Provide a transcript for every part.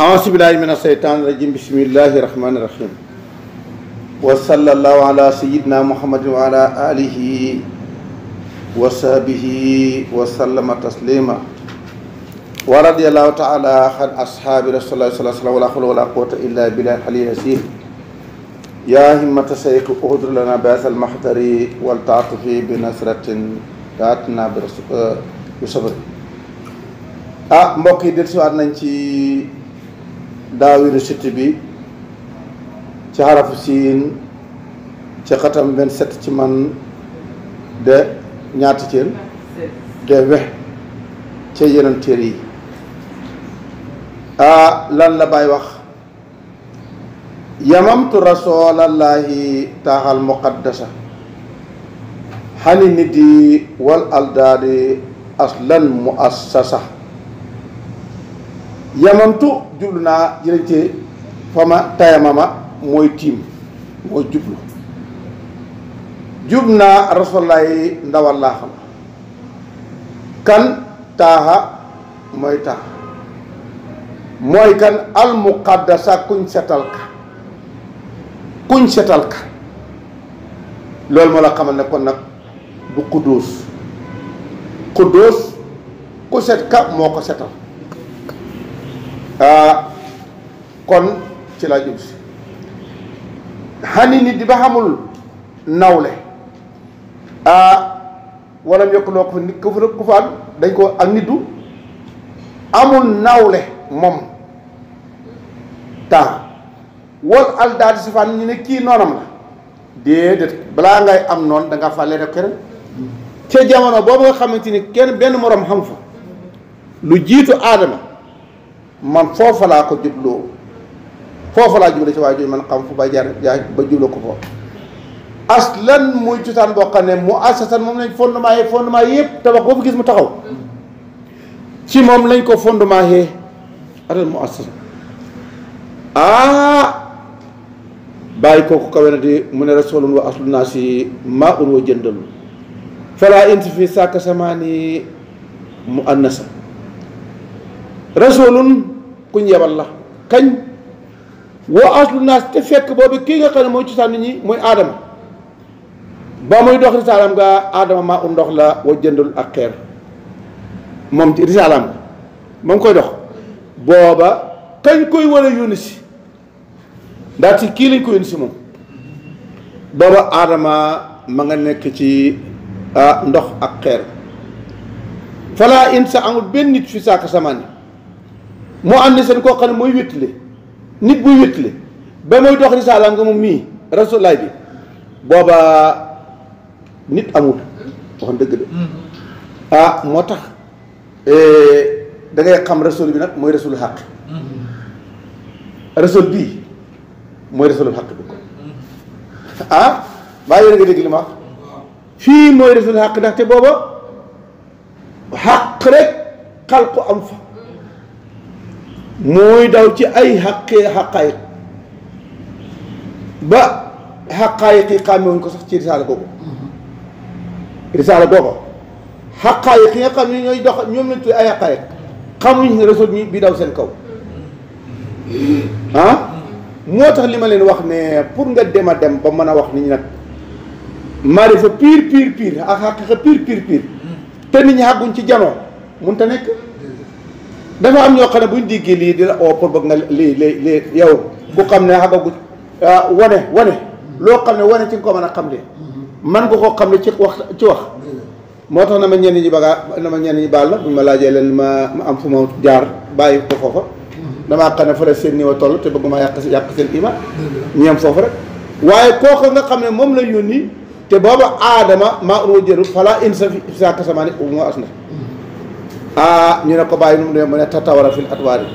أعوذ بالله من الشيطان الرجيم بسم الله الرحمن الرحيم وصلى الله على سيدنا محمد وعلى آله وصحبه وسلم تسليما ورضي الله تعالى عن أصحاب رسول الله صلى الله عليه وسلم ولا حول ولا قوة إلا بالله العلي العظيم يا همة سيك أهدر لنا بأس المحضر والتعطف بنصرة تأتنا برسول يوسف أه mbokk yi dellusiwaat daawiru sitt bi ci xarafu siin ci xatam 27 ci man de ñaati cër de wex ca yeneen téere yi a ah, lan la bay wax yamamtu rasulallaahi taaxal muqaddasa xani nit yi wal aldaadi aslan muassasa yamantu jublu naa jëlañ fa ma tayamama mooy tiim mooy jublu jub naa rasulallaahi ndawal laa kan taaxa mooy taax mooy kan almuqaddasa kuñ setal ka kuñ setal ka loolu moo la xamal ne kon nag du quddus quddus ku set ka moo ko setal Ah, kon ci laa jub si xani nit di ba xamul nawle ah, wala mu yokk loo ko fa nit ku fa ku dañ ko ak nit du amul nawle moom temps wal al daal di sufaan ñu ne kii noonam la déedéet balaa ngay am noon da nga fàlle rek keneen ca jamono boobu nga xamante ni kenn benn moroom xam fa lu jiitu aadama man foofa laa ko jubloo foofa laa jublu ci waajur man xam fu ba jar ba jublu ko foofu aslan muy cosaan boo xam ne mu asasan moom lañ fondement yee fondement yëpp tabax boobu gis mu taxaw ci moom lañ ko fondement yee mu asas ah bàyyi kooku kawe di mu ne rasulun wa aslu naa si maa un wa jëndalu falaa inti fi sàkk samaani mu annasa rasulun kuñ yebal la kañ woo aslu naas te fekk boobu kii nga xam ne mooy cosaan nit ñi mooy aadama ba muy dox risaalam nga aadama maa un ndox la wa jëndul ak xeer moom ci risaalam nga ma ngi koy dox booba kañ koy war a yónni si ndax kii lañ ko yónni si moom booba aadama ma nga nekk ci ah, ndox ak xeer falaa in sa amul benn nit fi saaka samaani mu àndi seen koo xam ne mooy wétli nit buy wétli ba muy dox risaalaam nga moom mii rasulaay bi booba nit amul wax dëgg de ah moo tax da ngay xam rasul bi nag mooy rasul xaq rasul bii mooy rasul xaq bi ko ah baa yéen nga dégg li ma wax fii mooy rasul xaq ndaxte booba xaq rek xal ko am fa mooy daw ci ay xaqee xaqaayiq ba xaqaayiq yi xàmmewuñ ko sax ci risaala googu mm-hmm. risaala googu nga xam ne ñooy dox ñoom lañ tudd ay xaqaayiq xamuñ ne rasul ñi bi daw seen kaw mm-hmm. ah moo tax li ma leen wax ne pour nga dem dem ba mën a wax nit ñi nag maarifa piir piir piir ak piir piir piir te nit ñi xàgguñ ci janoo mun te nekk dafa am ñoo xam ne buñ déggee lii di la oo pour bëgg nga lii lii lii yow ku xam ne xagagu ah, wane wane loo xam ne wane ci nga ko man a xam ne man nga koo xam ne ci wax ci wax moo tax na ma ñenn ñi bagaa na ma ñenn baal la buñ ma laajee leen ma ma am fu ma jaar bàyyi ko foofa damaa xam ne fa la seen niveau toll te bëgg ma yàq yàq seen iman ñeem foofu rek waaye kooku nga xam ne moom la yónni te booba aadama maa unoo jëru falaa in sa fi saaka samaani as na ah ñu ne ko bàyyi nu mu ne mu ne tatawara fil atwaari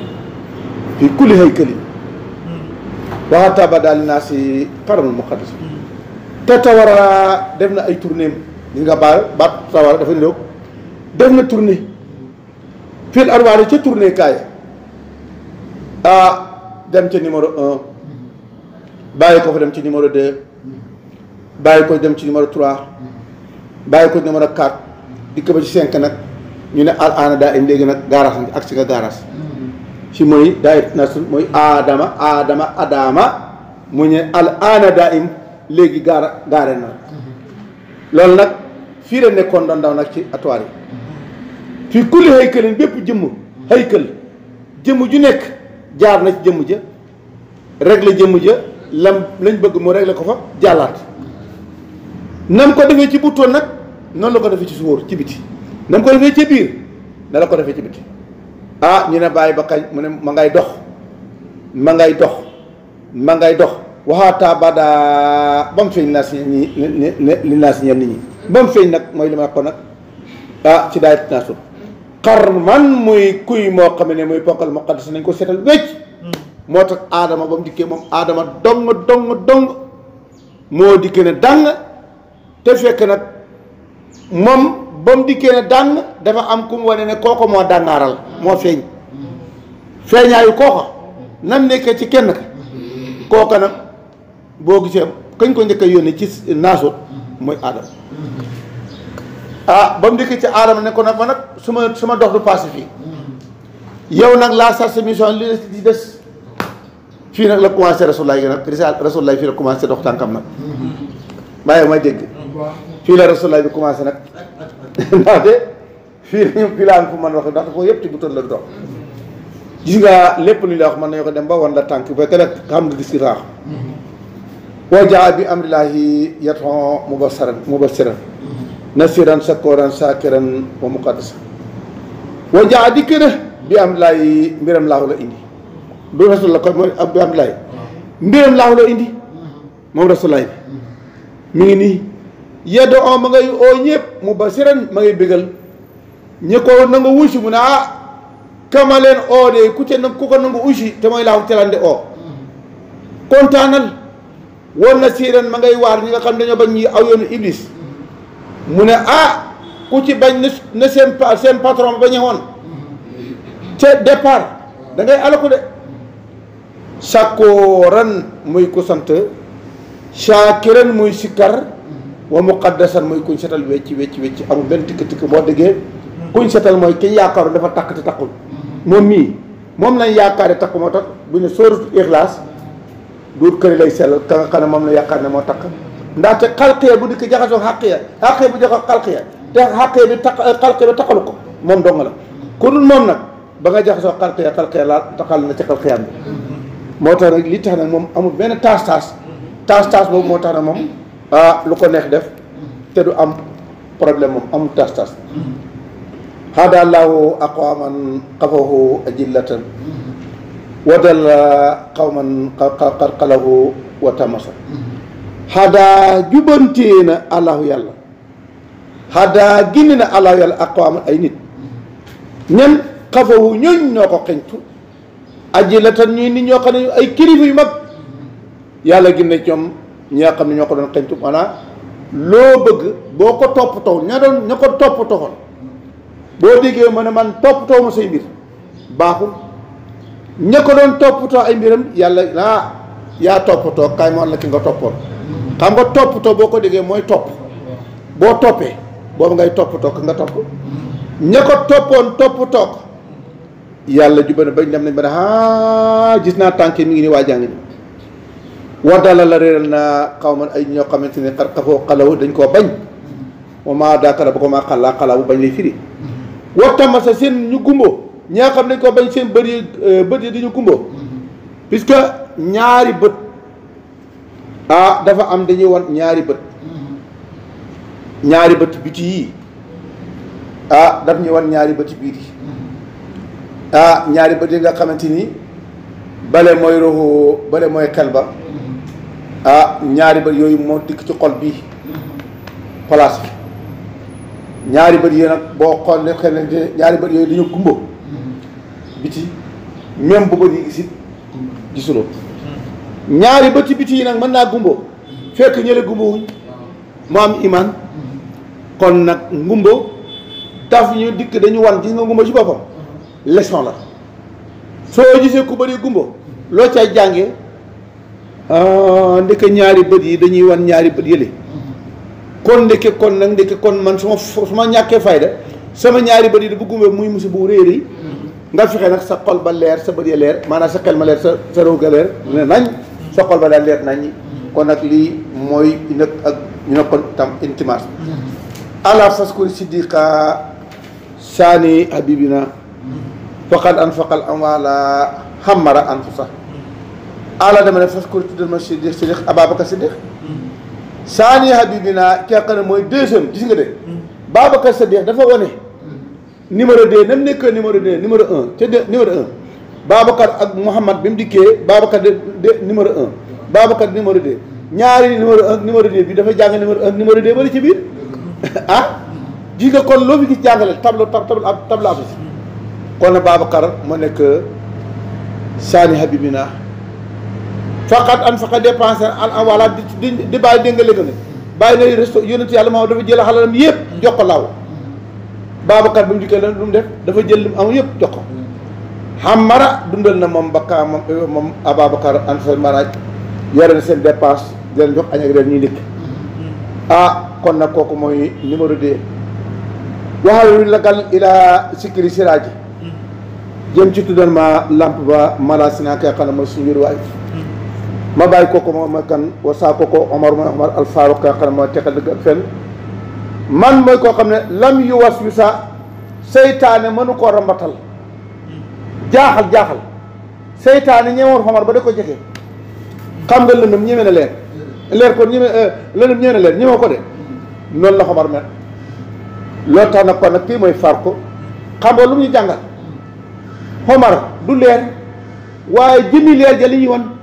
fii kulli haykali waxata ba daal naa si xaramul muqaddas tatawara def na ay tournée li nga baal baat tatawara dafa niroog def na tournée fil atwaari ca tournée kaay ah dem ca numéro bàyyi ko fa dem ci numéro deux bàyyi ko dem ci numéro trois bàyyi ko numéro quatre dikk ba ci cinq nag ñu ne al aana daa im léegi nag gaaraas ngi ak si nga gaaraas ci mooy daa it mooy aadama aadama adama mu ne al aana daa im léegi gaara gaare na loolu nag fii la nekkoon doon ndaw nag ci atuwaar yi fii kulli haykalin bépp jëmm haykal jëmm ju nekk jaar na jëmm ja réglé jëmm ja lam lañ bëgg mu réglé ko fa jàllaat nam ko defee ci buttoon nag noonu la ko defee ci suwóor ci biti na ko defee ci biir na la ko defee ci biti ah ñu ne bàyyi ba kañ mu ne ma ngay dox ma ngay dox ma ngay dox waxaataa ba daa ba mu feeñ li naa si ñenn nit ñi ba mu feeñ nag mooy li ma ko nag ah ci daay naa sut xar man muy kuy moo xam ne muy ponkal muqaddas nañ ko seetal wécc moo tax aadama ba mu dikkee moom aadama dong dong dong moo dikkee ne dàng te fekk nag moom ba mu dikkee ne dàng dafa am ku mu wane ne kooko moo dàngaaral moo feeñ feeñaayu kooko nam nekkee ci kenn ka kooka nag boo gisee kañ ko njëkk a yónni ci naasut mooy aadama ah, ba mu dikkee ci aadama ne ko nag ma nag su ma su ma dox du passé fii yow nag laa sar sa mission li des di des fii nag la commencé rasulaay gi nag risaal rasulaay fii la commencé dox tànkam nag bàyyi ma dégg fii la rasulaay bi commencé nag ndaxte fii la ñu fu mën wax ndax foofu yëpp ci bu la du dox gis nga lépp lu la wax mën nañu ko dem ba wan la tànk ba keroog xam nga gis nga raax boo jaa bi amrillahi yaton di kër bi amrillahi mbiram laahu la indi du rasul la ko mooy bi amrillahi mbiram laahu la indi moom rasulaay bi ngi nii yeddo on ma ngay oo ñëpp mu ba basiran ma ngay bégal ñi ko nangu wuusi mu ne ah kama leen oo de ku ca ku ko nangu wuusi te mooy laaw telande oo kontaanal woon na siiran ma ngay waar ñi nga xam dañoo bañ ñi aw yoonu iblis mu ne ah ku ci bañ na seen seen patron ba bañe woon ca départ da ngay alaku de sàkkooran muy ku sant shaakiran muy sikkar wa muqaddasan mooy kuñ setal wecci wecci wecci amul benn tikk tikk boo déggee kuñ setal mooy ki yaakaaroon dafa takk te takkul moom mii moom lañ yaakaare takk moo tax bu ne sóoratu ixlaas duut këri lay sellal moom la yaakaar ne moo takk ndaxte xalqiya bu dikk jaxasoo xaqiya xaqiya bu jaxasoo xalqiya te xaqiya bi takk xalqiya bi takkalu ko moom dong la ku dul nag ba nga jaxasoo xalqiya xalqiya laal taxal na ci xalqiyaam bi moo tax nag li tax nag moom amul benn taas taas taas moo tax nag moom ah lu ko neex def te du am problème moom am tas-tas hada allahu aqwaman qafahu ajillatan wa dalla qawman qarqalahu wa tamasa hada jubantee na allahu yàlla hada gindi na allahu yàlla aqwaman ay nit ñen xafawu ñooñ ñoo ko xeñtu ajillatan ñuy nit ñoo xam ne ay kilifa yu mag yàlla gindi ñoom ñi xam ne ñoo ko doon xeñtu maanaam loo bëgg boo ko toppatoo ña doon ña ko toppatoo boo ma ne man toppatoo ma say mbir baaxul ña ko doon toppatoo ay mbiram yàlla naa yaa toppatoo kaay ma la ki nga toppoon. xam nga toppatoo boo ko déggee mooy topp boo toppee boobu ngay toppatoo ko nga topp ña ko toppoon toppatoo ko yàlla jubana bañ dem nañ ba ne ah gis naa tànk mi ngi ni waa jàng ni waddala la réeral na xawman ay ñoo xamante ni xar xafoo xalaw dañ koo bañ ma daakara ba ko maa xalaa xalaa bu bañ lay firi waxtama sa seen ñu gumbo ñaa xam dañ ko bañ seen bët yi euh, bët yi dañu gumbo puisque ñaari bët ah dafa am dañuy wan ñaari bët ñaari bët biti yii ah daf ñuy wan ñaari bët biir yi ah ñaari bët yi nga xamante ni bale mooy roxo bale mooy xel ba ah ñaari bët yooyu moo dikk ci xol bi place bi ñaari bët yooyu nag boo xool ne na ñaari bët yooyu dañoo gumba biti même bu bët yi gisit gisuloo ñaari bët ci biti yi nag mën naa gumbo fekk ñële gumbawuñ mu am imaan kon nag ngumba daf ñu dikk dañu wan gis nga ngumba ci boppam leçon la soo gisee ku bëri gumbo loo ca jàngee Ah, ndekk ñaari bët yi dañuy wan ñaari bët yële kon ndeke kon nag ndeke kon man su ma ma ñàkkee fayda sama ñaari bët yi da bu gumbee muy musi bu réer yi nga fexe nag sa xol ba leer sa bët ya leer maanaam sa xel ma leer sa sa roog a leer leer nañ sa xol ba daal leer nañ kon nag lii mooy nag ak ñu ne kon tam intimaas ala faskuri siddiqa saani habibina faqad anfaqal amwala xamara anfusa ala dama ne fas ko tuddal ma Siddiq Siddiq Ababacar saani habibina ki nga ne mooy deuxième gis nga de Babacar Siddiq dafa wane de deux nam nekk numéro deux numéro un ca de numéro un Babacar ak Mouhamad bi mu dikkee Babacar de numéro un Babacar numéro deux ñaari numéro un numéro deux bi dafa jàng numéro un numéro deux bari ci biir ah gis nga kon loo fi gis jàngale tableau tableau ab tableau ab kon na Babacar moo nekk saani habibina faqat an faqa dépensé al wala di di bàyyi dégg nga léegi bàyyi na resto yonent yàlla moom dafa jël xalalam yëpp jox ko laaw Babacar bi mu dikkee lu mu def dafa jël li mu am yëpp jox ko xamara dundal na moom bakka moom euh, moom Ababacar an seen maraaj yore na seen dépense di jox añ ak reer ñuy dikk ah kon nag kooku mooy numéro deux waxal la gal ilaa sikkiri siraaji hmm. jëm ci tuddal ma lamp ba mala naa koy xam ne mooy suñu yër waay hmm. ma bàyyi kooku moom mooy kan wa kooku mooy Omar alfaaruq ka xam ne man mooy koo xam ne lam yu was yu saa seytaane mënu koo rambatal jaaxal jaaxal seytaane ñeewoon Omar ba da ko jege xam nga lëndëm ñeme na leer leer kon euh, lëndëm ñeme na leer ñeme ko de noonu la Omar mel loolu tax nag kon kii mooy far ko xam nga lu mu ñu jàngal Omar du leer waaye jëmmi leer ja li ñuy wan.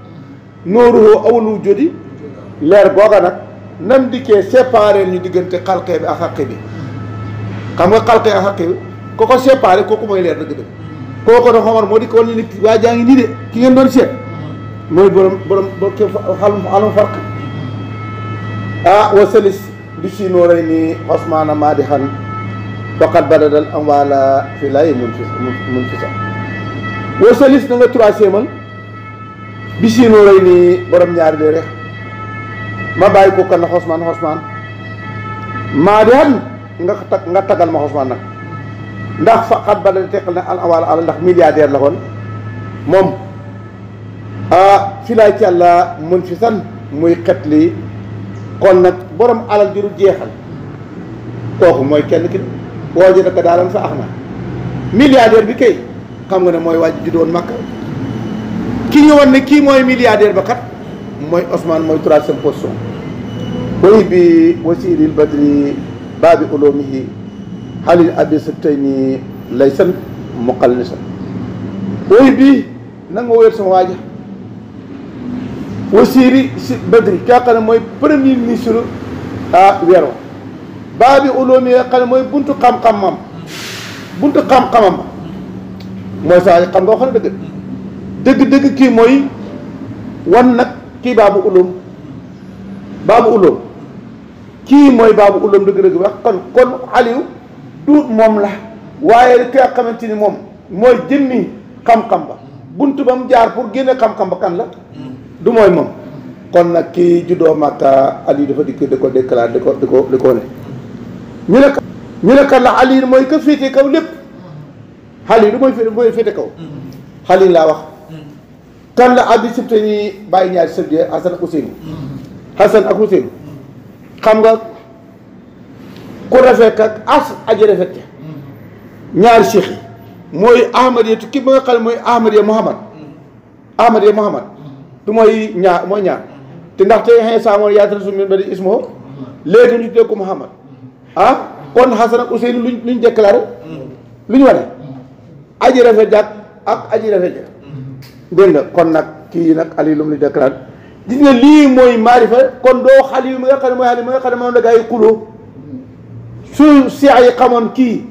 nooruhoo awal wujudi leer googa nag nam dikkee séparé ñu diggante xalqee bi ak xaqi bi xam nga xalqee ak xaqi bi ko ko séparé kooku mooy leer dëgg-dëgg kooku nag xomar moo di ko wan ni waa jaa ngi nii de ki ngeen doon seet mooy borom borom borom xalum xalum farq ah wasalis di si nooray nii xosmaana maa di xan doxat badadal am waala fi lay mun fi mun fi sax wasalis na nga troisième bisinu lay ni borom ñaar de rek ma bàyyi ko kan Hosman-Hosman, ma dem nga tak nga tagal ma xosman nak ndax faqat na al awal ala ndax milliardaire la kon mom, ah fi la ci Allah mun fi san muy xetli kon nak borom alal diru jeexal kooku moy kenn ki woo ji naka daalam sa ax milliardaire bi kay xam nga ne moy wajju di doon makka ki ñu woon ne kii mooy milliardaire ba kat mooy Ousmane mooy troisième position way bi wasiiril badri baabi uloomihi halil abi sibtayni laysan muqallisa way bi na nga wéer sama waaja wasiiri badri kaa xam mooy premier ministre a weer wa baabi uloomihi xam ne mooy buntu xam-xamam buntu xam-xamam mooy sa waaja xam nga wax dëgg-dëgg kii mooy wan nag kii baabu ulum baabu ulum kii mooy baabu ulum dëgg-dëgg wax kon kon Aliou duut moom la waaye ki nga xamante ni moom mooy jëmmi xam-xam ba bunt ba mu jaar pour génne xam-xam ba kan la du mooy moom kon nag kii juddoo Màkka Aliou dafa dikk di ko déclaré di ko di ko di ko ne ñu ne ñu ne kan la Aliou mooy ka féete kaw lépp Aliou mooy féete kaw mm-hmm. Aliou laa wax kan la addi sibte yi bàyyi ñaari sët yee Hasan ak Ousseynou Hasan ak Ousseynou xam nga ku rafet ak as aji rafet ñaari cheikh mooy ahmad yee ki ba nga xam ne mooy ahmad yee Muhammad ahmad yee Muhammad du mooy ñaar mooy ñaar te ndaxte xëy saamoon yaatara sumin ba di ismoo léegi ñu tuddee Muhammad ah, kon Hasan ak Ousseynou luñ luñ déclaré lu ñu wane aji rafet jàkk ak aji rafet jàkk dégg nga kon nag kii nag ali lu mu ni déclaré di nga lii mooy maarifa kon doo xal yu mi nga xam ne mooy xal yi mi nga xam ne moom la yi xuloo su seex yi xamoon kii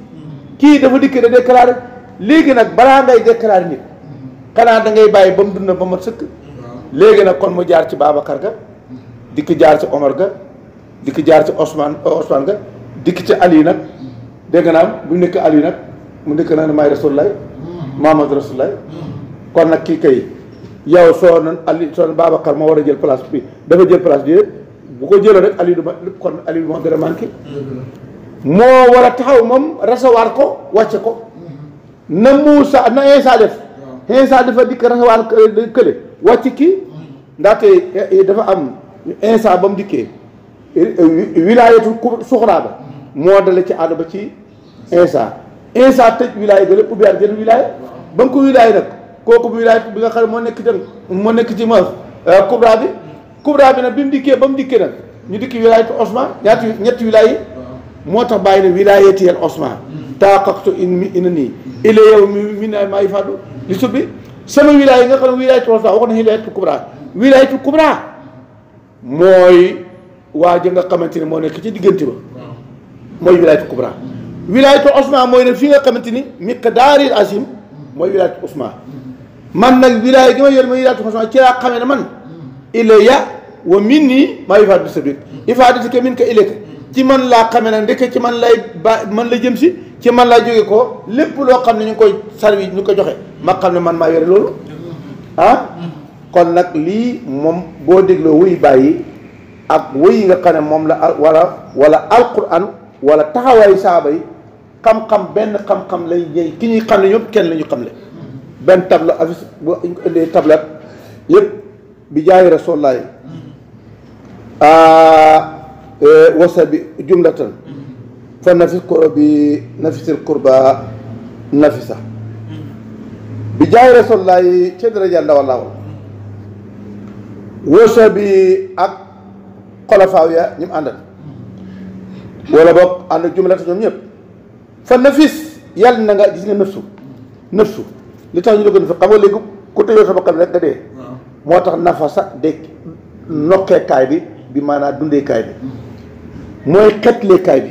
kii dafa dikk da déclaré léegi nag balaa ngay déclaré nit xanaa da ngay bàyyi ba mu dund ba ma sëkk léegi nag kon mu jaar ci Babacar ga dikk jaar ci Omar ga dikk jaar ci Ousmane euh, Ousmane ga dikk ci Ali nag dégg naa bu nekk Ali nag mu nekk naa ne maay Rasulullah Muhammad Rasulullah kon nag kii kay yow soo na ali moo war a jël place bi dafa jël place bi bu ko jëlee rek Aliou du kon Aliou moo gën moo war a taxaw moom ko wàcce ko na dafa dikk recevoir kële eh, eh, dafa am Insa ba mu dikkee eh, wilaayatu suxraa ba moo dale ci àll ba ci Insa ko wilaaya nag kooku wilaaya bi nga xam moo nekk moo nekk ci ma euh, kubra bi kubra bi nag bi mu dikkee ba mu dikkee nag ñu dikki wilaayatu osman ñetti wilaay yi moo tax bàyyi na maa yi fàddu li subbi sama wilaay yi nga xam ne wilaayatu osman wax na mooy waa nga xamante ne moo nekk ci diggante ba mooy wilaayatu kubra wilaayatu osman fi nga xamante ni miqdaaril azim mooy man nag wilaaya gi ma yor ma yidaatu xasan ci laa xamee ne man ilayya wa min nii maa ifaat bi sabit ifaadatika min ka ilayka ci man laa xamee nag ndeke ci man lay ba man la jëm si ci man laa jóge ko lépp loo xam ne ñu koy sarwi ñu ko joxe ma xam ne man maa yore loolu ah kon nag lii moom boo dégloo wuy bàyyi ak wéy yi nga xam ne moom la wala wala alquran wala taxawaayu saaba yi xam-xam benn xam-xam lañ ñëw ki ñuy xam ne ñëpp kenn la ñu xam le benn table afis bu ñu bi jaayi rasulaay ah, eh, wasa bi jumlatan fa nafis ko bi nafisil kurba nafisa bi jaayi rasulaay ca daraja ndaw laaw wasa bi ak xolofaaw ya ñu àndal wala boog ànd jumlatan ñoom ñëpp fa nafis yàlla na nga gis nga nëfsu nëfsu li tax ñu dogoon fi xam nga léegi ku tëjoo sa bakkan rek nga dee. moo tax nafasa de nokkeekaay bi bi maanaam dundeekaay bi mooy xetleekaay bi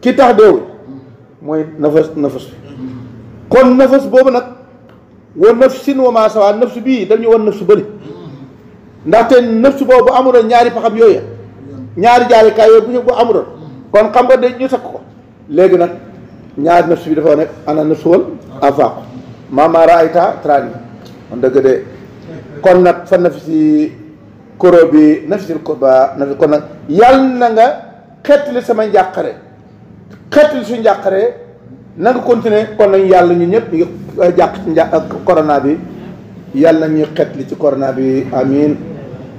ki tax deewul mooy nafas nafas kon nafas boobu nag wa nafsin wa maa sawaa nafsu bii dañu wan nafsu bëri ndaxte nafsu boobu bu ñaari faxam yooyu ñaari jaarikaay yooyu bu ñu bu amuloon kon xam nga dañ ñu takk ko léegi nag ñaari nafsu bi dafa nekk ana nafsu wal afaq mamara ayta trani on dëgg de kon nag fa nafsi koro bi nafsil kurba nafsi kon nag yàlla nanga nga xettali sama njàqare xettali su njàqare na nga continuer kon nañ yàlla ñu ñëpp ñu ngi jàq ci njà corona bi yàlla ñuy xettali ci corona bi amin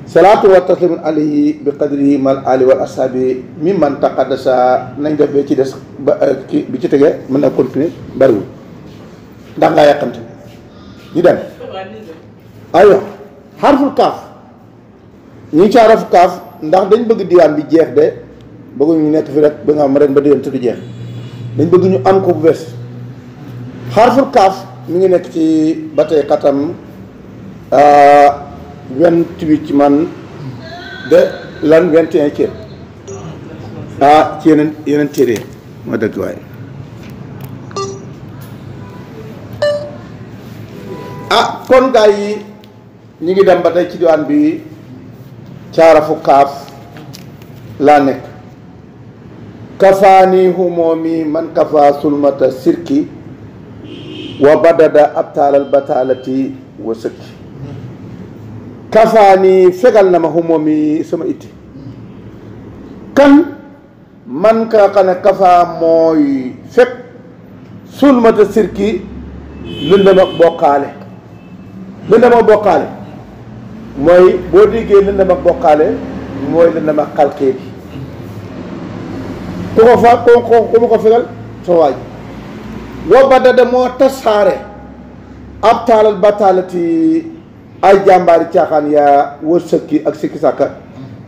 salaatu wa taslimun alayhi bi qadrihi mal ali wal ashabi mi man taqaddasa nañ def ci des ba bi ci tege mën a continuer bariwul ndax nga yàqante di dem aywa xarful kaaf ñu ngi ci harful kaf ndax dañ bëgg diwan bi jeex de bëggu ñu nekk fi rek ba nga am ren ba déwén te du jeex dañ bëgg ñu am ko bu bes harful kaf mi ngi nekk ci batay katam euh vingt huit ci man de lan 21 ci ah ci yenen yenen téere ma dëgg waaye kon gaa yi ñi ngi dem ba tey ci diwaan bi caarafu kaaf laa nekk kafaani humoomi man kafa sulmata sirki wa badada abtaalal bataalati wa sëkki kafaani fegal na ma humoomi sama itti kan man ka xane kafa mooy fekk sulmata sirki lëndëm ak bokkaale lëndam ak bokkaale mooy boo déggee lëndam ak bokkaale mooy lëndam ak xalqee bi ku ko fa ko ku ma ko fegal soo waaj wa badada moo tasaare ab taalal ba taalati ay jàmbaari caaxaan yaa wër sëkki ak sikki sàkka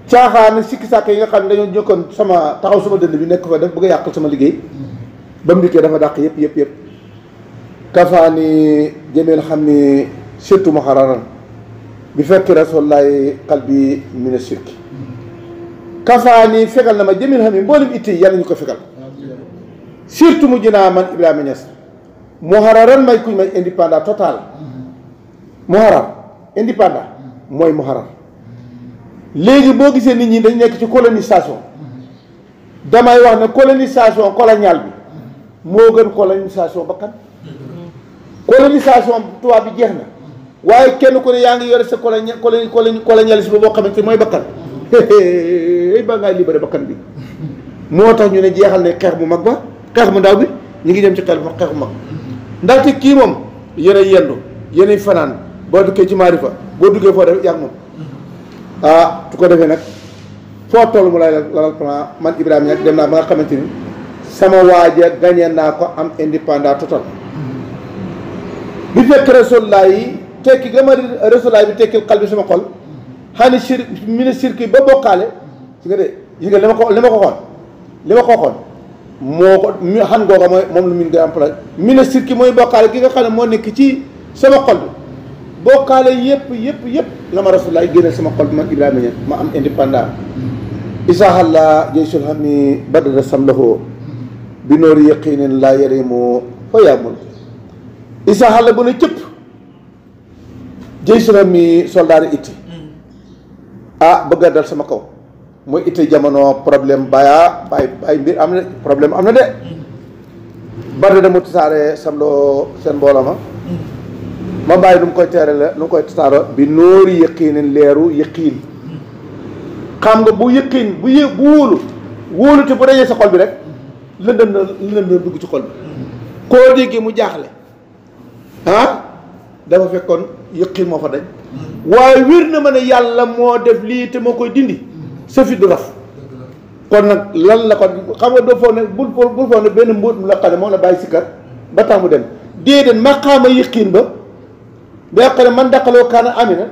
caaxaan sikki sàkka yi nga xam ne dañoo jëkkoon sama taxaw sama dënd bi nekk fa def bëgg a yàqal sama liggéey ba mu dikkee dafa dàq yëpp yëpp yëpp kafaani jëmeel xam ni surtout mahararan bi fekki rasulullahi qalbi mina shirki ni fegal na ma jëmin xam yi mboolem itti yàlla ñu ko fegal surtout mu jinaa man Ibrahima Niass muhararan may kuñ may indépendant total muharar indépendant mooy muharar léegi boo gisee nit ñi dañ nekk ci colonisation damay wax ne colonisation coloniale bi moo gën colonisation bakkan colonisation tubaab bi jeex na waaye kenn ko ne yaa ngi yore sa colonia colonia colonialisme boo xamante mooy bakkan ay ba ngay libéré bakkan bi moo tax ñu ne jeexal ne xeex bu mag ba xeex mu ndaw bi ñu ngi dem ci xeex bu xeex bu mag ndaxte kii moom yeneen yendu yeneen fanaan boo duggee ci maarifa boo duggee foo def yàgg moom ah, su ko defee nag foo toll mu lay lalal plan man Ibrahima Niass dem naa ba nga xamante ni sama waaja gañe naa ko am indépendant total la fekk Rasulullah yi tekki ga ma rasulaay bi tekkil xal bi sama xol xaani sir mi ne ba bokkaale si nga de yi nga li ma ko li ma ko xool li ma ko xool moo ko mi xam googa mooy moom lu min ngay employé mi ne sirki mooy bokkaale ki nga xam ne moo nekk ci sama xol bi bokkaale yëpp yëpp yëpp la ma rasulaay génne sama xol bi man Ibrahima ñe ma am indépendant isaahalla jeysul xami badada samlahoo bi noori yaqinin laa yarimu fa yaamul isaahalla bu ne cëpp jëy sula mi soldaar itti mm. ah bëgg dal sama kaw mooy it jamono problème baya bay bay mbir am na problème am na de mm. bari dama tasaare samloo seen mbooloo ma mm. ma bàyyi nu mu koy teere la nu mu koy tasaaro bi nóori yëqiinin leeru yëqiin xam nga bu yëqiin bu yë bu wóolu wóolu te bu dajee sa xol bi rek lëndëm na lëndëm na dugg ci xol bi koo déggee mu jaaxle ah dafa fekkoon yëqin moo fa dañ waaye wér na ma ne yàlla moo def lii te moo koy dindi sa fi du raf kon nag lan la kon xam nga doo foog ne bul bul ne benn mbóot mu la xam ne moom la bàyyi sikkat ba tax mu dem déedéet maqaama yëqin ba ba xam ne man daqaloo kaana amina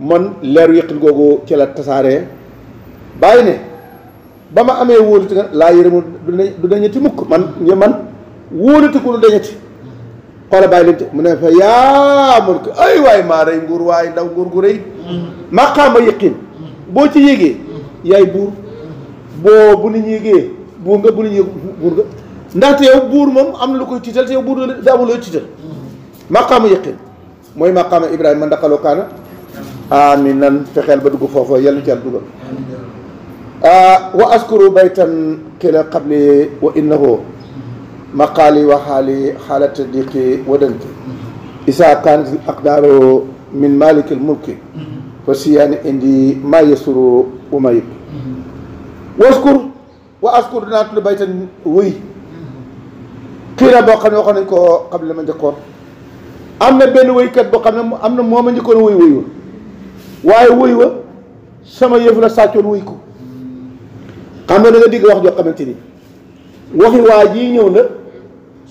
man leeru yëqin googu ci la tasaaree bàyyi ne ba ma amee wóoluti nga laa yërëmul du dañati mukk man man wóolati ko du dañati xoola bàyyi lim mu ne fa yaa mulk ay waay maa nguur waay ndaw nguur gu rëy maqaama yëqin boo ci yégee yaay buur boo bu ñu yégee buur nga bu ñu yég buur nga ndaxte yow buur moom am na lu koy tiital te yow buur da amuloo tiital maqaama yëqin mooy maqaama ibrahima ndaqaloo kaana amin nan fexeel ba dugg foofu yàlla ci yàlla dugal ah, wa askuru baytan kila qabli wa innahu maqaali wa xaali xaala tadiqi wadanki isaa kaanat al aqdaaru min malikil mulki fa siyaani indi maa yasuru wa ma yëpp waskur wa askur dinaa tudd baytan wuy xiira boo xam ne waxoon nañ ko xam la ma njëkkoon am na benn wéykat boo xam ne am na moom a njëkkoon wuy wuy wa waaye wuy wa sama yëfu la sàccoon wuy ko xam nga da nga digg wax joo xamante ni waxi waa jii ñëw na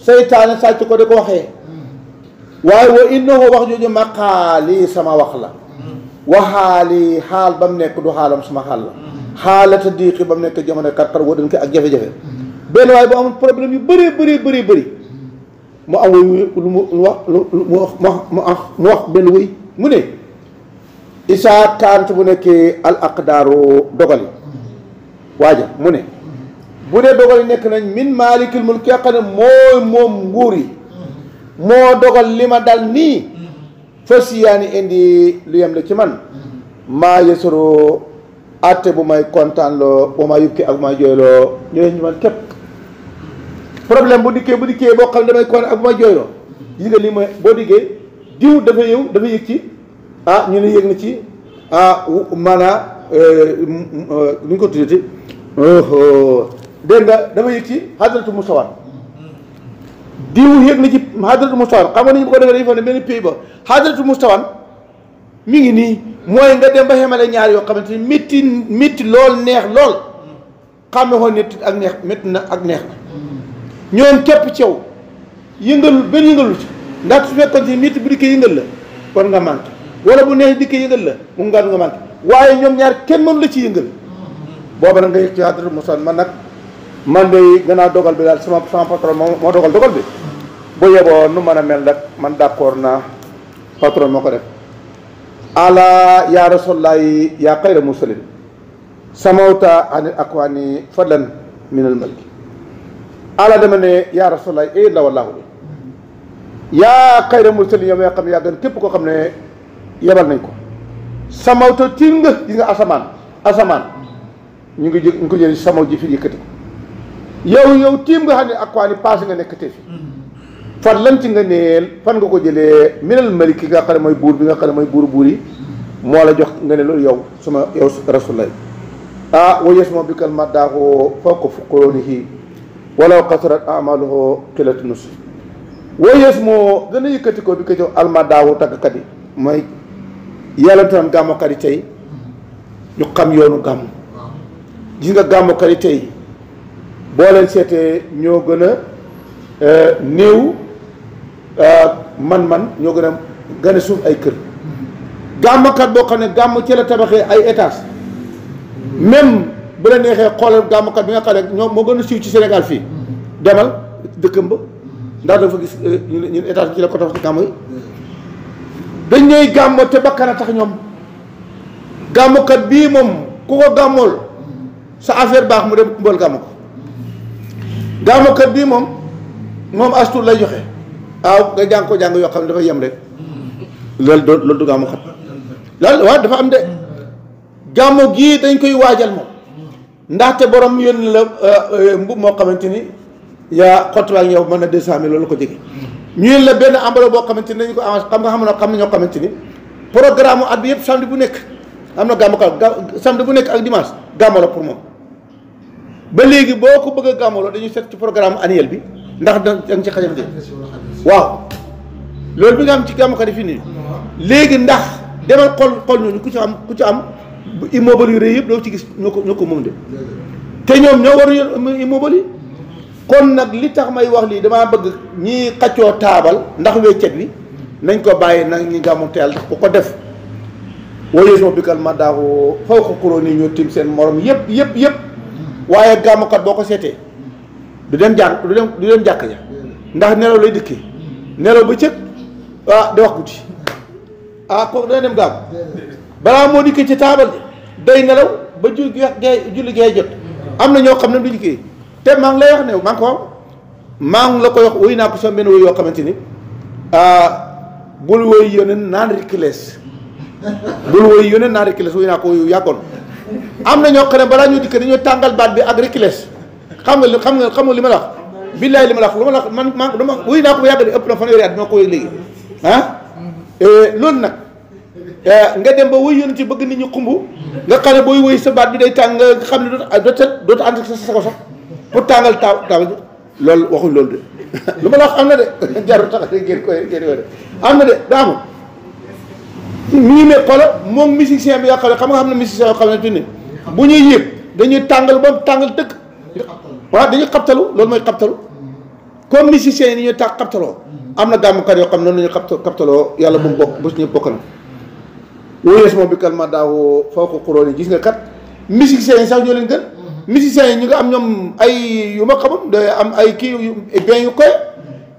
seytaane sàcc ko di ko waxee waaye wa innahu wax jooju maqaali sama wax la wax waxaali xaal ba mu nekk du xaalam sama xaal la xaalata diiqi ba mu nekk jamono kattar wa dañ ko ak jafe-jafe benn waaye bu am problème yu bëree bëri bëri bëri mu am wax mu wax mu wax benn wuy mu ne isaa kaant bu nekkee al aqdaaru dogal yi waaja mu ne bu dee dogal yi nekk nañ min maalikil mulk yoo xam ne mooy moom nguur yi moo dogal li ma dal nii fas yaani indi lu yem la ci man maa yësaroo àtte bu may kontaan loo bu ma yukki ak bu may jooyloo ñëwee ñu man képp problème bu dikkee bu dikkee boo xam ne damay kontaan ak bu may jooyloo yi nga ma boo diggee diw dafa yëw dafa yëg ci ah ñu ne yëg na ci ah maanaa lu euh, euh, ñu ko dégg nga dafa yëg ci xadratu mustawaan diw yëg na ci xadratu mustawaan xam nga ni bu ko defee dañuy foog ne benn pays ba xadratu mustawaan mi ngi nii mooy nga dem ba xemale ñaar yoo xamante ni métti métti lool neex lool xam ne xool nit ak neex metti na ak neex na ñoom képp cew yëngalu benn yëngalu ci ndax su fekkoon si métti bu dikkee yëngal la kon nga manqué wala bu neex dikkee yëngal la mu ngaan nga manqué waaye ñoom ñaar kenn mënu la ci yëngal booba nag nga yëg ci xadratu mustawaan nag man de gannaaw dogal bi daal sama sama patron moo moo dogal dogal bi bu yeboo nu mën a mel rek man d'accord naa patron moo ko def ala ya rasulallahi ya xayra mursalin samawta anil akwani fadlan minal malki ala dama ne ya rasulallahi e eh, la wallahu bi yaa xayra mursalin yow yaa xam yaa gën képp koo xam ne yebal nañ ko samawta tiim nga gis nga asamaan asamaan ñu ngi jël ñu ngi ko samaw ji fi yëkkati yow yow tiim nga xam ne ak waa ni passé nga nekk te mm-hmm. fan lan ci nga neel fan nga ko jëlee minal malik ki nga xam ne mooy buur bi nga xam ne mooy buur buur moo la jox nga ne yow suma yow rasulullah ah wa yasma bikal maddaahu fawqa fuqurunihi walaw tàggkat yi mooy yàlla doon gàmmukat yi yoonu gàmm gis nga gàmmukat yi tey boo leen seetee ñoo gën a euh, néew man-man ñoo gën a gën a suuf ay kër gàmmkat boo xam ne gàmm ci la tabaxee ay étages même bu la neexee xoolal gàmmkat bi nga xam ne ñoom moo gën a siiw ci Sénégal fii demal dëkkam ba ndax dafa gis euh, ñu ñun étage bi ci la ko tabax ci gàmm yi dañ ñooy gàmm te bakkan a tax ñoom gàmmkat bii moom ku ko gàmmool sa affaire baax mu dem kumbal gàmm ko gàmmukat bii moom moom astu lay joxe waaw nga jàng ko jàng yoo xam ne dafa yem rek loolu doo loolu du gàmmukat loolu waaw dafa am de gàmmu gii dañ koy waajal moom ndaxte borom yónni la euh, euh, mbub moo xamante ni yaa xottuwaak yow mën na deux cent mille loolu ko jege ñu yónni benn ambalo boo xamante ni dañu ko avancé xam nga xam na xam na ñoo xamante ni programme at bi yëpp samedi bu nekk am na gàmmukat samedi bu nekk ak dimanche gàmmu la pour moom ba léegi boo ko bëgg a gàmmaloo dañuy seet ci programme annuel bi ndax da nga ci xajam de waaw loolu bi nga am ci gàmmkat yi fii nii léegi ndax demal xool xool ñooñu ku ci am ku ci am immeuble yu rëy yëpp doo ci gis ñu ko ñoo ko moom de te ñoom ñoo waru yor immeuble yi kon nag li tax may wax lii damaa bëgg ñi xaccoo taabal ndax weccet wi nañ ko bàyyi nag ñi gàmmu teel ndax ku ko def wayeesoo bikal ma daaw faw ko kuróo nii ñoo tim seen morom yëpp yëpp yëpp waaye gàmmukat boo ko seetee du dem jàng du dem du dem jàkk ja ndax nelaw lay dëkkee nelaw ba cëg ah di wax guddi ah kooku dana dem gàmm balaa moo dikkee ci taabal day nelaw ba ju gee julli gee jot am na ñoo xam ne duñu kii te maa ngi lay wax ne maa ko maa ngi la koy wax wéy naa ko sama benn wéy yoo xamante ni ah, bul wéy yóneen naan rikilees bul wéy yóneen naan rikilees wéy naa ko yàggoon am na ñoo xam ne balaa ñuy dikk dañoo tàngal baat bi ak rikiles xam nga xam nga xam nga li ma la wax billaay li ma la wax lu ma la wax man man dama wuy naa ko ba yàgg ne ëpp na fanweeri at ma ko léegi ah loolu nag nga dem ba wuy yoon ci bëgg nit ñi xumb nga xam ne booy wuy sa baat bi day tàng nga xam ne dootu dootu ànd ak sa sa ko sax pour tàngal taw taaw loolu waxuñ loolu de lu ma la wax am na de jarul tax a génn koy génn am na de daa mi ngi ne xoolal moom musicien bi yoo xam ne xam nga xam ne musicien yoo xam ne tuuti bu ñuy yéeg dañuy tàngal ba tàngal dëkk. waa dañuy xabtalu loolu mooy xabtalu comme musicien yi ni ñuy ta xabtaloo am na gàmmukat yoo xam ne noonu la ñuy xabta xabtaloo yàlla bu mu bokk bu ñëpp bokk na. wóyees moom bi kan ma daaw faw ko xuróon gis nga kat musiciens yi sax ñoo leen gën. musiciens yi ñu ngi am ñoom ay yu ma xamul day am ay kii yu bien yu koy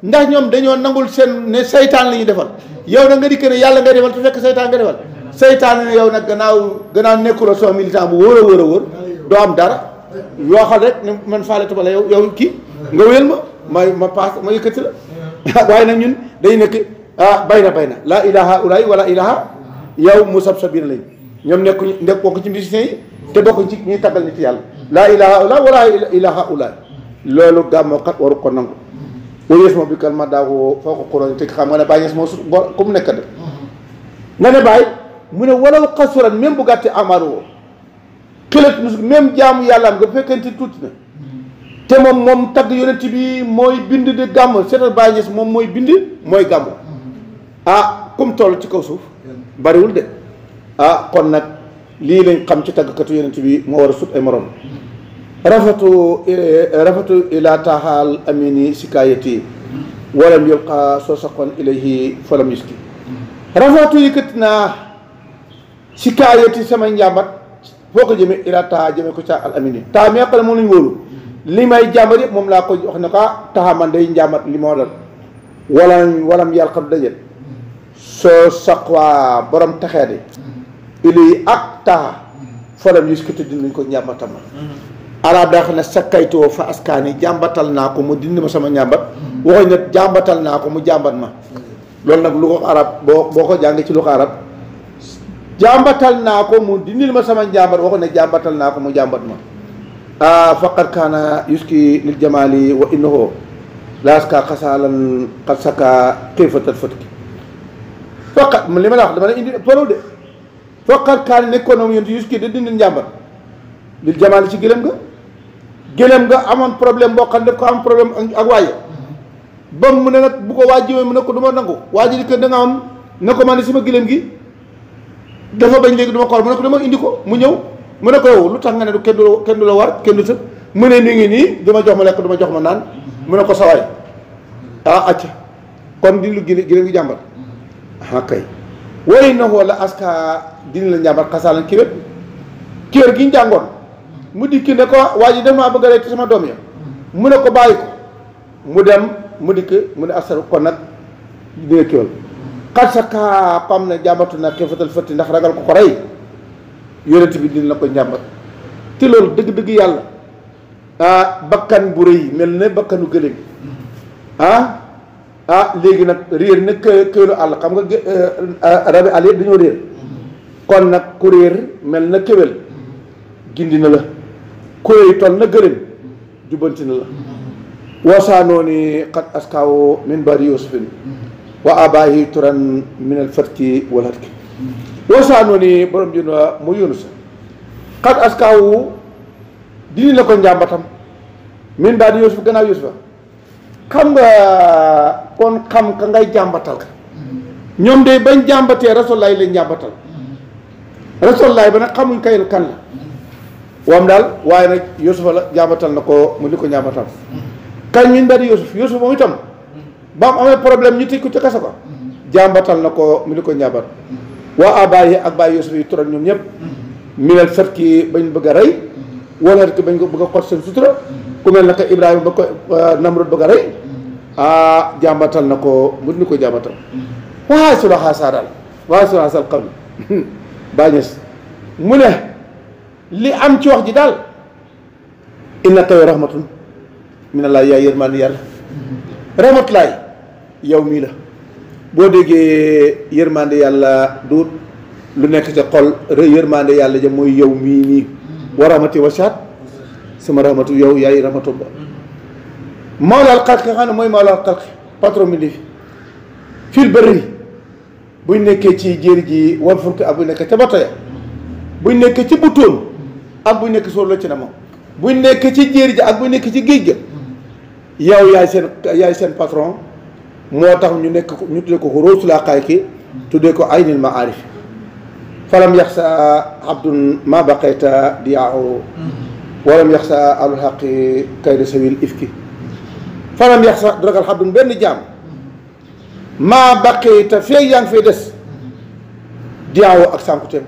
ndax ñoom dañoo nangul seen ne saytaan la ñuy defal. yow da nga dikk ne yàlla nga demal su fekk seytaan nga demal seytaan ne yow nag gannaaw gannaaw nekkuloo soo militant bu wóor a wóor a wóor doo am dara yoo xam rek ne man faaletu bala yow yow kii nga wéel ma may ma paas ma yëkkati la waaye nag ñun day nekk ah bay na bay na laa ilaha ulay wala ilaha yow mu sab sabir lañ ñoom nekkuñ nekk bokk ci musiciens yi te bokkuñ ci ñuy taggal nit yàlla laa ilaha ulay wala ilaha ulay loolu gàmmoo kat waru ko nangu wa yees ma bi kal ma daawoo foo ko xuroon te xam nga ne bàyyi moo su bor ku mu nekk de nga ne bàyyi mu ne walaw xasuran même bu gàtte amaaroo xilat mus même jaamu yàllaam nga fekkente tuuti na te moom moom tagg yonent bi mooy bind di gàmm seetal bàyyi moom mooy bind mooy gàmm ah comme toll ci kaw suuf bariwul de ah kon nag lii lañ xam ci taggkatu yonent bi moo war a sut ay morom rafatu eh, rafatu ila taaxaal amini sikayati walam yulqa soo saqoon ilayhi falam yuski rafatu yëkkati naa sikayati sama njàmbat foo ko jëmee ila taaxa jëmee ko ca al amini taa mi nga xam ne moom lañ may jàmbat yëpp moom laa ko wax ne ko ah, taxa man day njàmbat li moo dal walam walam yàlla xam dajal soo saqwaa borom taxee di ilay ak taaxa falam yuski te dinañ ko njàmbatam arab daa xam ne sakkaytoo fa askaani jàmbatal naa ko mu dindi ma sama njàmbat waxuñ ne jàmbatal naa ko mu jàmbat ma loolu nag lu ko arab boo boo ko jàng ci lu ko arab jàmbatal naa ko mu dindil ma sama njàmbat waxuñ ne jàmbatal naa ko mu jàmbat ma ah, faqad kaana yuski lil jamaali wa innahu laaska xasaalan xad saka xiifatat fatki faqat li ma la wax dama la indi tolow de faqad kaana nekkoon na mu yontu yuski da dindil njàmbat lil jamaali ci gëlëm gelem nga amone problème bo xam ko am problème ak waye ba mu ne nak bu ko waji mu ne ko duma nangu di ke da nga am ne ko man suma gelem gi dafa bañ léegi duma ma mu ne ko dama indi ko mu ñew mu ne ko yow lu tax nga ne du kenn du kenn du la war kenn du mu ne ni ngi ni kom jox ma lek duma jox ma nan mu ne ko saway ah acca kon di lu gën gi jambar ha ah, kay way la aska din la jambar xasaalan kiwet kër gi mu dikki ne ko waa ji dem maa bëgg a rey ci sama doom ya mu ne ko bàyyi ko mu dem mu dikk mu ne asar kon nag dina kiwal xat sa kaapam ne jàmbatu na xiifatal fëtti ndax ragal ko ko rey yonent bi dina la ko njàmbat te loolu dëgg-dëgg yàlla ah bakkan bu rëy mel ne bakkanu gëléem ah ah léegi nag réer nag kë këru àll xam nga euh, euh, rabi àll yëpp dañoo réer kon nag ku réer mel na kéwél gindi na la kuréy toll na gërëm jubbanti na la woosaanoo ni xat askawo min bari yusufin wa abaahi turan min al fatki wal hatki woosaanoo borom jën wa mu yunusa xat askawu dini na ko njàmbatam min bari yusuf gannaaw yusufa xam nga kon xam ka ngay jàmbatal ka ñoom de bañ jàmbatee rasulaay lañ jàmbatal rasulaay ba nag xamuñ kayil kan la wam dal waye nak yusuf la jabatal nako mu liko jabatal kan ñu ndari yusuf yusuf mo itam ba am amé problème ñu tikku ci ca ko jabatal nako mu liko wa abaye ak yusuf yi turan ñom ñep minel fat ki bañ bëgg ray wala ki bañ ko bëgg xor sen sutura ku mel naka ibrahim ba ko namrod bëgg a jabatal ah mu liko jabatal wa sulha sulaxaa wa sulha sal li am ci wax ji daal inna taw mu min allah yaay yërmaande yàlla rahmatulaay yow mii la boo déggee yërmaande yàlla du lu nekk ca xol yërmaande yàlla ja mooy yow mii nii wa rahmati wasaat sama rahmatu yow yaay rahmatu ba mawlaal xalqi xam ne mooy mawlaal xalqi patron bi nii fil bëri buñ nekkee ci jéer ji wal furki ak bu nekkee ca batoya buñ nekkee ci butoon ak bu nekk soo locc na moom bu nekk ci jéeri ja ak bu nekk ci géej ga yow yaay seen yaay seen patron moo tax ñu nekk ñu tuddee ko ruusu laa xaay ki tuddee ko aynil ma aarif falam yax sa abdun ma baqayta diaahu walam yax sa alul xaqi kayda sawil ifki falam yax sa dragal xabdun benn jaam maa baqayta feeg yaa ngi des diaahu ak sànkuteem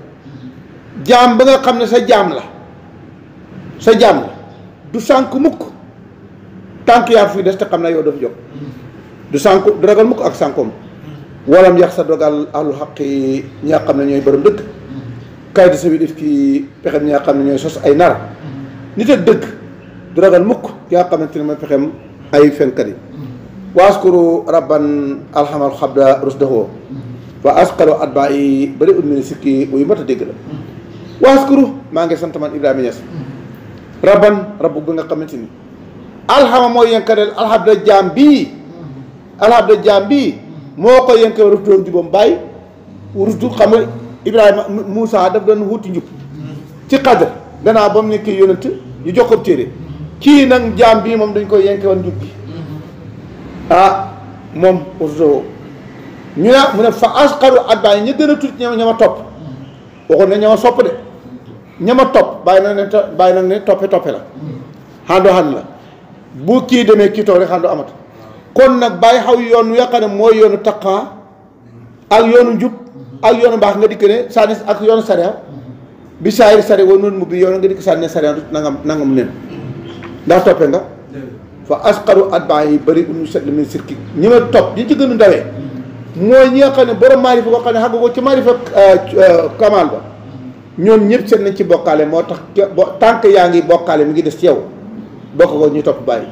jaam ba nga xam ne sa jaam la sa jamm du sank mukk tank yaa fi des te xamna yo yow dafa jóg du sank du mukk ak sankom walam yax sa dogal alu haqi ñi xamna ñoy borom kay di sabi def ki pexem xamna ñoy sos ay nar nit ak dëgg du ragal mukk ya nga xamante ne pexem ay fenkat wa askuru rabban alhamal khabda rusdahu wa askaru atbaa bari ummi sikki la wa askuru ma sant man ibrahim rabban rabb bi nga xamante ni alxama mooy yënkadeel alxabda jaam bii alxabda jaam bii moo ko yënkadeel ruf doon jubam bàyyi rusdu xam nga Ibrahima daf doon wuti njub ci xadar gannaaw ba mu nekkee yonent ñu jox ko téere kii nag jaam bii moom dañ koy yënkewal njub bi ah moom rusdoo ñu ne mu ne fa asqaru adbaa ñi gën a tuuti ña ma topp waxoon na ña ma sopp de ñama topp bàyyi na ne bàyyi na ne toppe toppe la xando xan la bu kii demee kii toog rek xando amat kon nag bàyyi xaw yoon wi nga xam ne mooy yoonu taqaa ak yoonu njub ak yoonu mbaax nga dikk ne sànni ak yoonu sariya bi saayir sari woo noonu mu bi yoon nga dikk sànni ne sariya nangam nangam nen ndax toppe nga fa asqaru atbaa yi bëri uñu set min sirki ñi ma topp ñi ci gën a ndawee mooy ñi nga xam ne borom maarifa boo xam ne xam nga ko ci maarifa euh, euh, kamal ñoom ñëpp seet nañ ci bokkaale moo tax tànk yaa ngi bokkaale mi ngi des yow bokk ko ñu topp bàyyi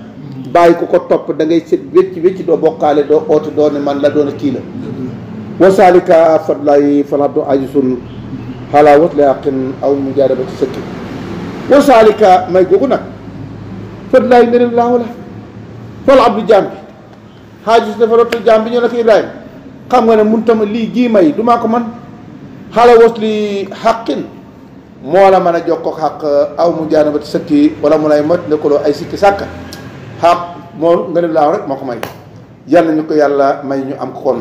bàyyi ku ko topp da ngay seet wécc wécc doo bokkaale doo oote doo ne man la doon a kii la wasaalika fadlayi falabdu ajisun xalaa wat la yàqin aw mujaadabati sëkki wasaalika may googu nag fadlayi ngëneel laaw la fal abdu jaam bi xaajis dafa rottu jaam bi ñoo ne ko xam nga ne mun tama lii gii may du ko man xala wasli xaqin moo la mën a jox ko xaq aw mu jaanabati sëkki wala mu lay mot nekkuloo ay sikki sàkka xaq moo nga ne laaw rek moo ko may yal nañu ko yàlla may ñu am ko kon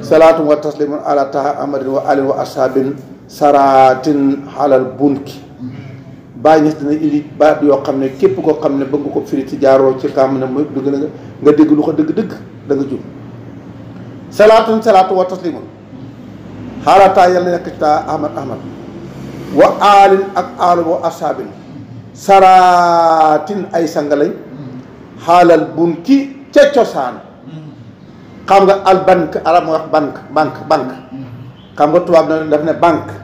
salaatu wa taslimun ala taha amadin wa alin wa ashabin saraatin xalal bunki bàyyi ñes dina indi baat yoo xam ne képp koo xam ne bëgg ko firi ci jaaroo ci kam ne mu dugg na nga dégg lu ko dëgg-dëgg da nga jub salaatun salaatu wa taslimun xaalataa yàlla nekk ci ahmad ahmad wa aalin ak aalu wa asaabin saraatin ay sanga lañ xaalal bun ca cosaan xam nga al bank arab mooy wax banque banque banque xam nga tubaab na daf ne banque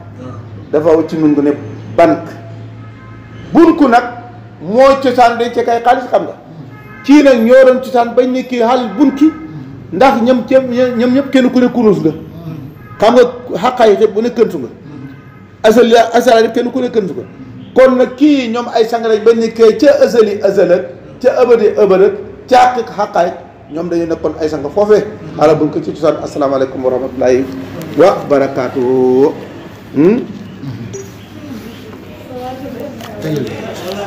dafa ci nun gu ne banque bun ku nag mooy cosaan dañ ci kay xaalis xam nga kii nag ñoo doon cosaan bañ ne kii xaalis bun ki ndax ñoom ñoom ñëpp kenn ku ne kurus la xam nga xaqaay yëpp bu ne këntu nga asali asalaat kenn ku ne këntu nga kon nag kii ñoom ay sang dañ ba ni ca asali asalat ca abadi abadat ca xaqiq xaqaay ñoom dañu nekkoon ay sang foofee ala buñ ko ci cosaan asalaamaaleykum wa rahmatulahi wa barakaatu hmm?